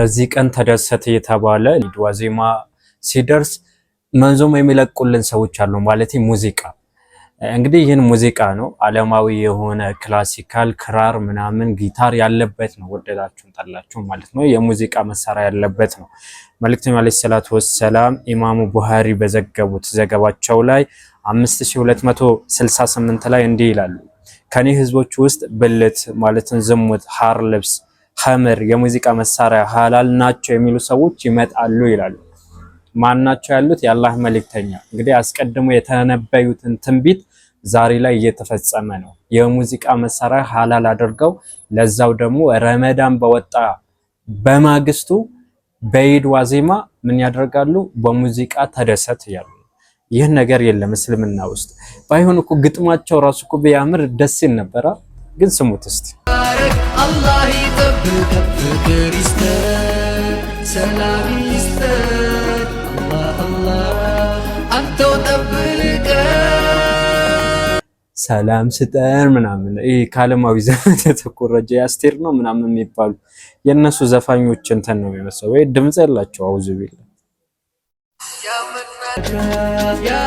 በዚህ ቀን ተደሰተ የተባለ ዋዜማ ሲደርስ መንዞም የሚለቁልን ሰዎች አሉ። ማለት ሙዚቃ እንግዲህ ይህን ሙዚቃ ነው አለማዊ የሆነ ክላሲካል ክራር ምናምን ጊታር ያለበት ነው። ወደዳችሁን ጠላችሁ ማለት ነው የሙዚቃ መሳሪያ ያለበት ነው። መልእክተኛው ዓለይሂ ሰላቱ ወሰላም ኢማሙ ቡሃሪ በዘገቡት ዘገባቸው ላይ 5268 ላይ እንዲህ ይላሉ። ከኔ ህዝቦች ውስጥ ብልት ማለትን ዝሙት፣ ሀር ልብስ ከምር የሙዚቃ መሳሪያ ሀላል ናቸው የሚሉ ሰዎች ይመጣሉ ይላሉ። ማናቸው ያሉት? የአላህ መልእክተኛ። እንግዲህ አስቀድሞ የተነበዩትን ትንቢት ዛሬ ላይ እየተፈጸመ ነው። የሙዚቃ መሳሪያ ሀላል አድርገው ለዛው ደግሞ ረመዳን በወጣ በማግስቱ በኢድ ዋዜማ ምን ያደርጋሉ? በሙዚቃ ተደሰት እያሉ ይህ ነገር የለም እስልምና ውስጥ። ባይሆን እኮ ግጥማቸው ራሱ እኮ ቢያምር ደስ ይል ነበራ። ግን ስሙት እስቲ ፍቅር ይስጠን፣ ሰላም ይስጠን። አላህ አላህ አንተው ጠብቀን፣ ሰላም ስጠን ምናምን ይህ ከዓለማዊ ዘፈን የተኮረጀ የአስቴር ነው ምናምን የሚባሉ የእነሱ ዘፋኞች እንትን ነው የሚመስለው ወይ ድምፅ ያላቸው አውዝ ቢል ያ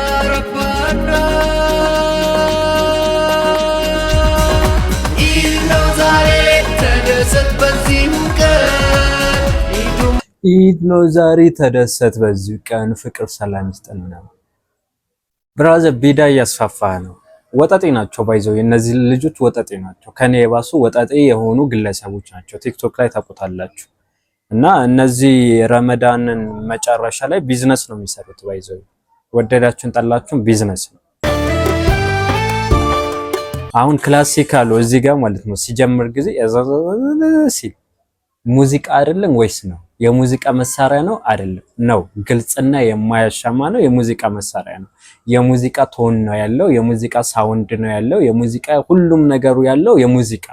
ኢድ ነው ዛሬ ተደሰት፣ በዚህ ቀን ፍቅር ሰላም ይስጠን ብራዘር ቢዳ እያስፋፋ ነው። ወጠጤ ናቸው ባይዘው እነዚህ ልጆች ወጠጤ ናቸው። ከኔ የባሱ ወጠጤ የሆኑ ግለሰቦች ናቸው። ቲክቶክ ላይ ታቁታላችሁ እና እነዚህ ረመዳንን መጨረሻ ላይ ቢዝነስ ነው የሚሰሩት። ባይዘው ወደዳችሁን ጠላችሁን ቢዝነስ ነው። አሁን ክላሲክ አለው እዚህ ጋር ማለት ነው። ሲጀምር ጊዜ ሲል ሙዚቃ አይደለም ወይስ ነው? የሙዚቃ መሳሪያ ነው አይደለም? ነው። ግልጽና የማያሻማ ነው። የሙዚቃ መሳሪያ ነው። የሙዚቃ ቶን ነው ያለው። የሙዚቃ ሳውንድ ነው ያለው። የሙዚቃ ሁሉም ነገሩ ያለው የሙዚቃ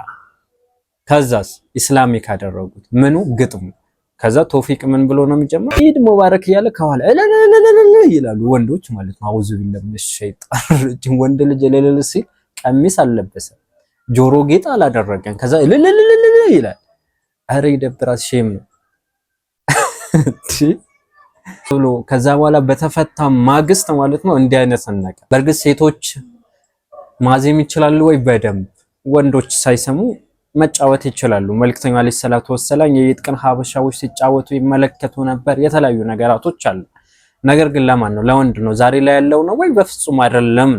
ከዛስ ኢስላሚክ አደረጉት። ምኑ ግጥሙ። ከዛ ቶፊቅ ምን ብሎ ነው የሚጀምረው? ኢድ ሙባረክ እያለ ከኋላ እለለለለ ይላሉ ወንዶች ማለት ነው። አውዙ ቢላህ ሸይጣን ወንድ ልጅ ለለለ ሲል ቀሚስ አልለበሰም፣ ጆሮ ጌጥ አላደረገም። ከዛ ልልልልል ይላል። አረ ይደብራት ሼም ነው ብሎ ከዛ በኋላ በተፈታ ማግስት ማለት ነው እንዲህ አይነት ሰነቀ። በእርግጥ ሴቶች ማዜም ይችላሉ ወይ? በደንብ ወንዶች ሳይሰሙ መጫወት ይችላሉ። መልክተኛ አለይሂ ሰላቱ ወሰላም የኢድ ቀን ሀበሻዎች ሲጫወቱ ይመለከቱ ነበር። የተለያዩ ነገራቶች አሉ። ነገር ግን ለማን ነው? ለወንድ ነው ዛሬ ላይ ያለው ነው ወይ? በፍጹም አይደለም።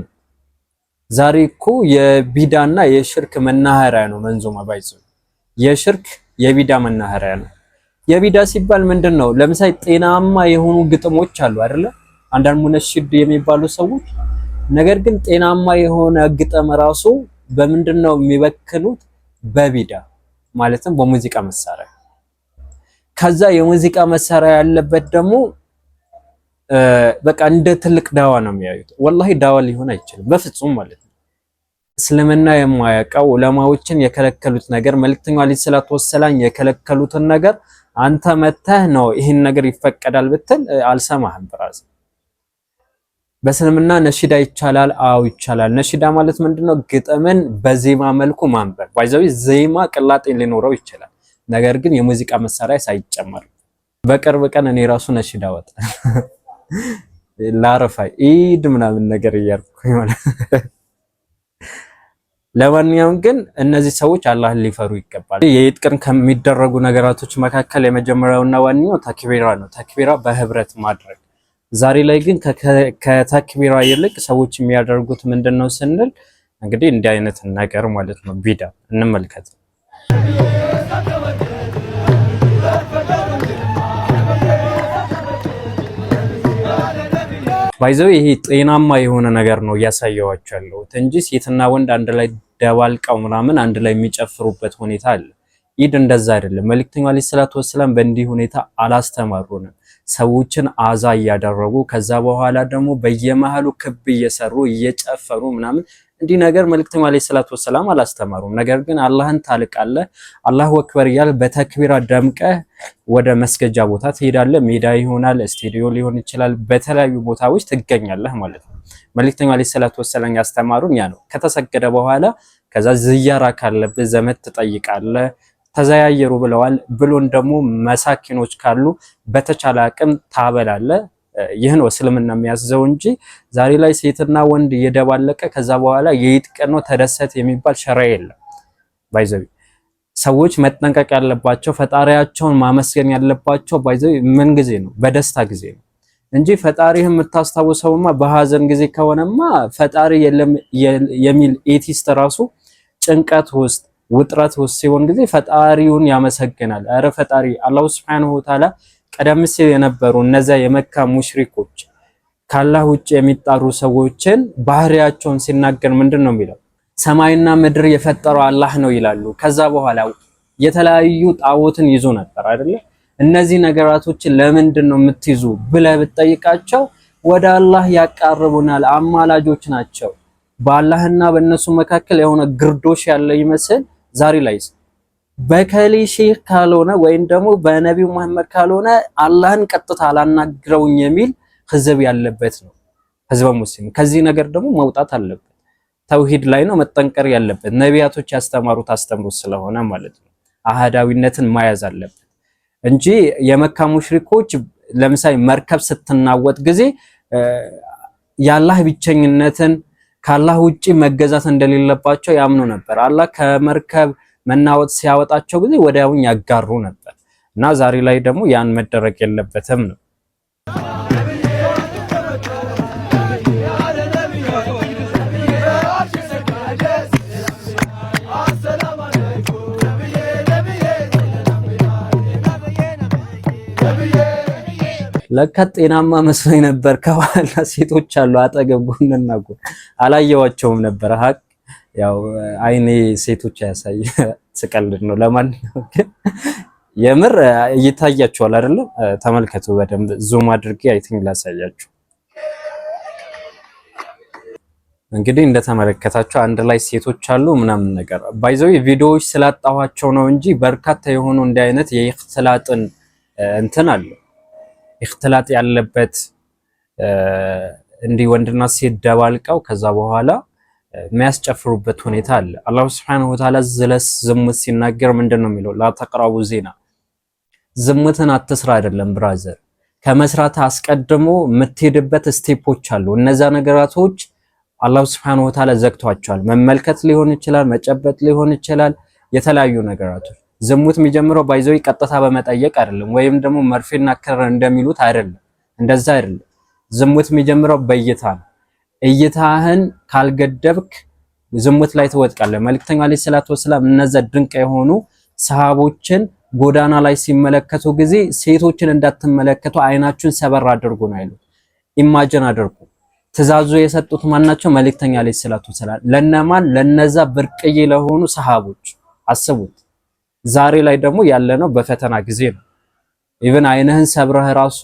ዛሬ እኮ የቢዳና የሽርክ መናኸሪያ ነው መንዞማ ባይዞ የሽርክ የቢዳ መናኸሪያ ነው። የቢዳ ሲባል ምንድን ነው? ለምሳሌ ጤናማ የሆኑ ግጥሞች አሉ አይደለ? አንዳንድ ሙነሽድ የሚባሉ ሰዎች ነገር ግን ጤናማ የሆነ ግጥም ራሱ በምንድን ነው የሚበክሉት? በቢዳ ማለትም በሙዚቃ መሳሪያ። ከዛ የሙዚቃ መሳሪያ ያለበት ደግሞ በቃ እንደ ትልቅ ዳዋ ነው የሚያዩት። ወላሂ ዳዋ ሊሆን አይችልም በፍጹም ማለት ነው። እስልምና የማያውቀው ዑለማዎችን የከለከሉት ነገር መልክተኛው አለይሂ ሰላቱ ወሰላም የከለከሉትን ነገር አንተ መተህ ነው ይህን ነገር ይፈቀዳል ብትል አልሰማህም። ብራዝ በእስልምና ነሽዳ ይቻላል? አዎ ይቻላል። ነሽዳ ማለት ምንድነው? ግጥምን በዜማ መልኩ ማንበብ። ባይዘዊ ዜማ ቅላጤ ሊኖረው ይችላል፣ ነገር ግን የሙዚቃ መሳሪያ ሳይጨመር። በቅርብ ቀን እኔ ራሱ ነሽዳ ወጣ ላረፋ ኢድ ምናምን ነገር እያልኩ ለማንኛውም ግን እነዚህ ሰዎች አላህን ሊፈሩ ይገባል። የኢድ ቀን ከሚደረጉ ነገራቶች መካከል የመጀመሪያውና ዋነኛው ተክቢራ ነው። ተክቢራ በህብረት ማድረግ። ዛሬ ላይ ግን ከተክቢራ ይልቅ ሰዎች የሚያደርጉት ምንድን ነው ስንል እንግዲህ እንዲህ አይነት ነገር ማለት ነው። ቢዳ እንመልከት። ባይዘው ይሄ ጤናማ የሆነ ነገር ነው እያሳየዋቸው ያለሁት እንጂ ሴትና ወንድ አንድ ላይ ደባልቀው ምናምን አንድ ላይ የሚጨፍሩበት ሁኔታ አለ። ኢድ እንደዛ አይደለም። መልእክተኛው አለይሂ ሰላቱ ወሰላም በእንዲህ ሁኔታ አላስተማሩንም። ሰዎችን አዛ እያደረጉ ከዛ በኋላ ደግሞ በየመሃሉ ክብ እየሰሩ እየጨፈሩ ምናምን እንዲህ ነገር መልእክተኛው ዓለይሂ ሰላቱ ወሰላም አላስተማሩም። ነገር ግን አላህን ታልቃለህ፣ አላሁ አክበር እያልህ በተክቢራ ደምቀህ ወደ መስገጃ ቦታ ትሄዳለህ። ሜዳ ይሆናል፣ ስቴዲዮ ሊሆን ይችላል፣ በተለያዩ ቦታዎች ትገኛለህ ማለት ነው። መልእክተኛው ዓለይሂ ሰላቱ ወሰላም ያስተማሩን ያ ነው። ከተሰገደ በኋላ ከዛ ዝያራ ካለብህ ዘመድ ትጠይቃለህ ተዘያየሩ ብለዋል። ብሎን ደግሞ መሳኪኖች ካሉ በተቻለ አቅም ታበላለ ይህ ነው እስልምና የሚያዘው እንጂ ዛሬ ላይ ሴትና ወንድ እየደባለቀ ከዛ በኋላ የኢድ ቀን ነው ተደሰት የሚባል ሸራ የለም። ባይዘዊ ሰዎች መጠንቀቅ ያለባቸው ፈጣሪያቸውን ማመስገን ያለባቸው ባይዘዊ ምን ጊዜ ነው? በደስታ ጊዜ ነው እንጂ ፈጣሪህ የምታስታውሰውማ በሀዘን ጊዜ ከሆነማ ፈጣሪ የለም የሚል ኤቲስት ራሱ ጭንቀት ውስጥ ውጥረት ውስጥ ሲሆን ጊዜ ፈጣሪውን ያመሰግናል። አረ ፈጣሪ አላሁ ሱብሓነሁ ወተዓላ ቀደም ሲል የነበሩ እነዚያ የመካ ሙሽሪኮች ካላህ ውጭ የሚጣሩ ሰዎችን ባህሪያቸውን ሲናገር ምንድን ነው የሚለው? ሰማይና ምድር የፈጠረው አላህ ነው ይላሉ። ከዛ በኋላ የተለያዩ ጣዖትን ይዞ ነበር አይደለ? እነዚህ ነገራቶችን ለምንድን ነው የምትይዙ ብለህ ብትጠይቃቸው ወደ አላህ ያቃርቡናል፣ አማላጆች ናቸው። በአላህና በእነሱ መካከል የሆነ ግርዶሽ ያለ ይመስል ዛሬ ላይ በከሌ ሼህ ካልሆነ ወይም ደግሞ በነቢዩ መሐመድ ካልሆነ አላህን ቀጥታ አላናግረውኝ የሚል ህዝብ ያለበት ነው ህዝበ ሙስሊም። ከዚህ ነገር ደግሞ መውጣት አለበት። ተውሂድ ላይ ነው መጠንቀር ያለበት። ነቢያቶች ያስተማሩት አስተምሮት ስለሆነ ማለት ነው አህዳዊነትን መያዝ አለበት እንጂ የመካ ሙሽሪኮች ለምሳሌ መርከብ ስትናወጥ ጊዜ የአላህ ብቸኝነትን ከአላህ ውጪ መገዛት እንደሌለባቸው ያምኑ ነበር። አላህ ከመርከብ መናወጥ ሲያወጣቸው ጊዜ ወዲያውን ያጋሩ ነበር እና ዛሬ ላይ ደግሞ ያን መደረግ የለበትም ነው። ለካ ጤናማ መስሎኝ ነበር። ከኋላ ሴቶች አሉ አጠገብ፣ ጎንና ጎን አላየዋቸውም ነበር ሀቅ ያው አይኔ ሴቶች ያሳይ ስቀልድ ነው። ለማንኛውም ግን የምር እየታያችኋል አይደለ? ተመልከቱ በደንብ ዙም አድርጌ አይ ቲንክ ላሳያችሁ። እንግዲህ እንደተመለከታቸው አንድ ላይ ሴቶች አሉ ምናምን ነገር ባይዘው ቪዲዮዎች ስላጣኋቸው ነው እንጂ በርካታ የሆኑ እንዲህ አይነት የኢኽትላጥን እንትን አለ ኢኽትላጥ ያለበት እንዲህ ወንድና ሴት ደባልቀው ከዛ በኋላ የሚያስጨፍሩበት ሁኔታ አለ። አላሁ ሱብሓነሁ ወተዓላ ዝለስ ዝሙት ሲናገር ምንድን ነው የሚለው? ላተቅረቡ ዜና ዝሙትን አትስራ አይደለም ብራዘር። ከመስራት አስቀድሞ የምትሄድበት ስቴፖች አሉ። እነዛ ነገራቶች አላሁ ሱብሓነሁ ወተዓላ ዘግቷቸዋል። መመልከት ሊሆን ይችላል፣ መጨበጥ ሊሆን ይችላል፣ የተለያዩ ነገራቶች። ዝሙት የሚጀምረው ባይዘው ቀጥታ በመጠየቅ አይደለም፣ ወይም ደግሞ መርፌና ክር እንደሚሉት አይደለም፣ እንደዛ አይደለም። ዝሙት የሚጀምረው በእይታ ነው። እይታህን ካልገደብክ ዝሙት ላይ ትወድቃለህ። መልክተኛ ዓለይሂ ሰላቱ ወሰላም እነዚያ ድንቅ የሆኑ ሰሃቦችን ጎዳና ላይ ሲመለከቱ ጊዜ ሴቶችን እንዳትመለከቱ አይናችሁን ሰበር አድርጉ ነው ያሉት። ኢማጅን አድርጉ። ትእዛዙ የሰጡት ማናቸው? መልክተኛ ዓለይሂ ሰላቱ ወሰላም ለነማን? ለነዛ ብርቅዬ ለሆኑ ሰሃቦች። አስቡት። ዛሬ ላይ ደግሞ ያለነው በፈተና ጊዜ ነው። ኢቭን አይንህን ሰብረህ ራሱ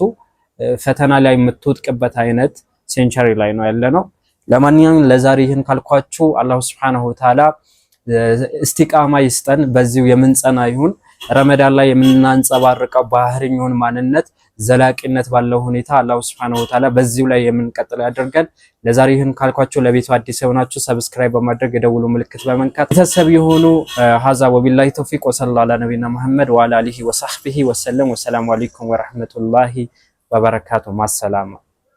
ፈተና ላይ የምትወጥቅበት አይነት ሴንቸሪ ላይ ነው ያለ ነው። ለማንኛውም ለዛሬ ይህን ካልኳችሁ አላሁ ስብሐነሁ ወተዓላ እስቲቃማ ይስጠን፣ በዚሁ የምንጸና ይሁን። ረመዳን ላይ የምናንጸባርቀው ባህርኛውን ማንነት ዘላቂነት ባለው ሁኔታ አላሁ ስብሐነሁ ወተዓላ በዚሁ ላይ የምንቀጥል ያደርገን። ለዛሬ ይህን ካልኳችሁ ለቤቱ አዲስ የሆናችሁ ሰብስክራይብ በማድረግ የደውሉ ምልክት በመንካት ቤተሰብ የሆኑ ሀዛ ወቢላሂ ተውፊቅ ወሰላ አላ ነቢና መሐመድ ወአላ አሊሂ ወሰህቢሂ ወሰለም። ወሰላሙ አለይኩም ወረህመቱላሂ ወበረካቱ። ማሰላማ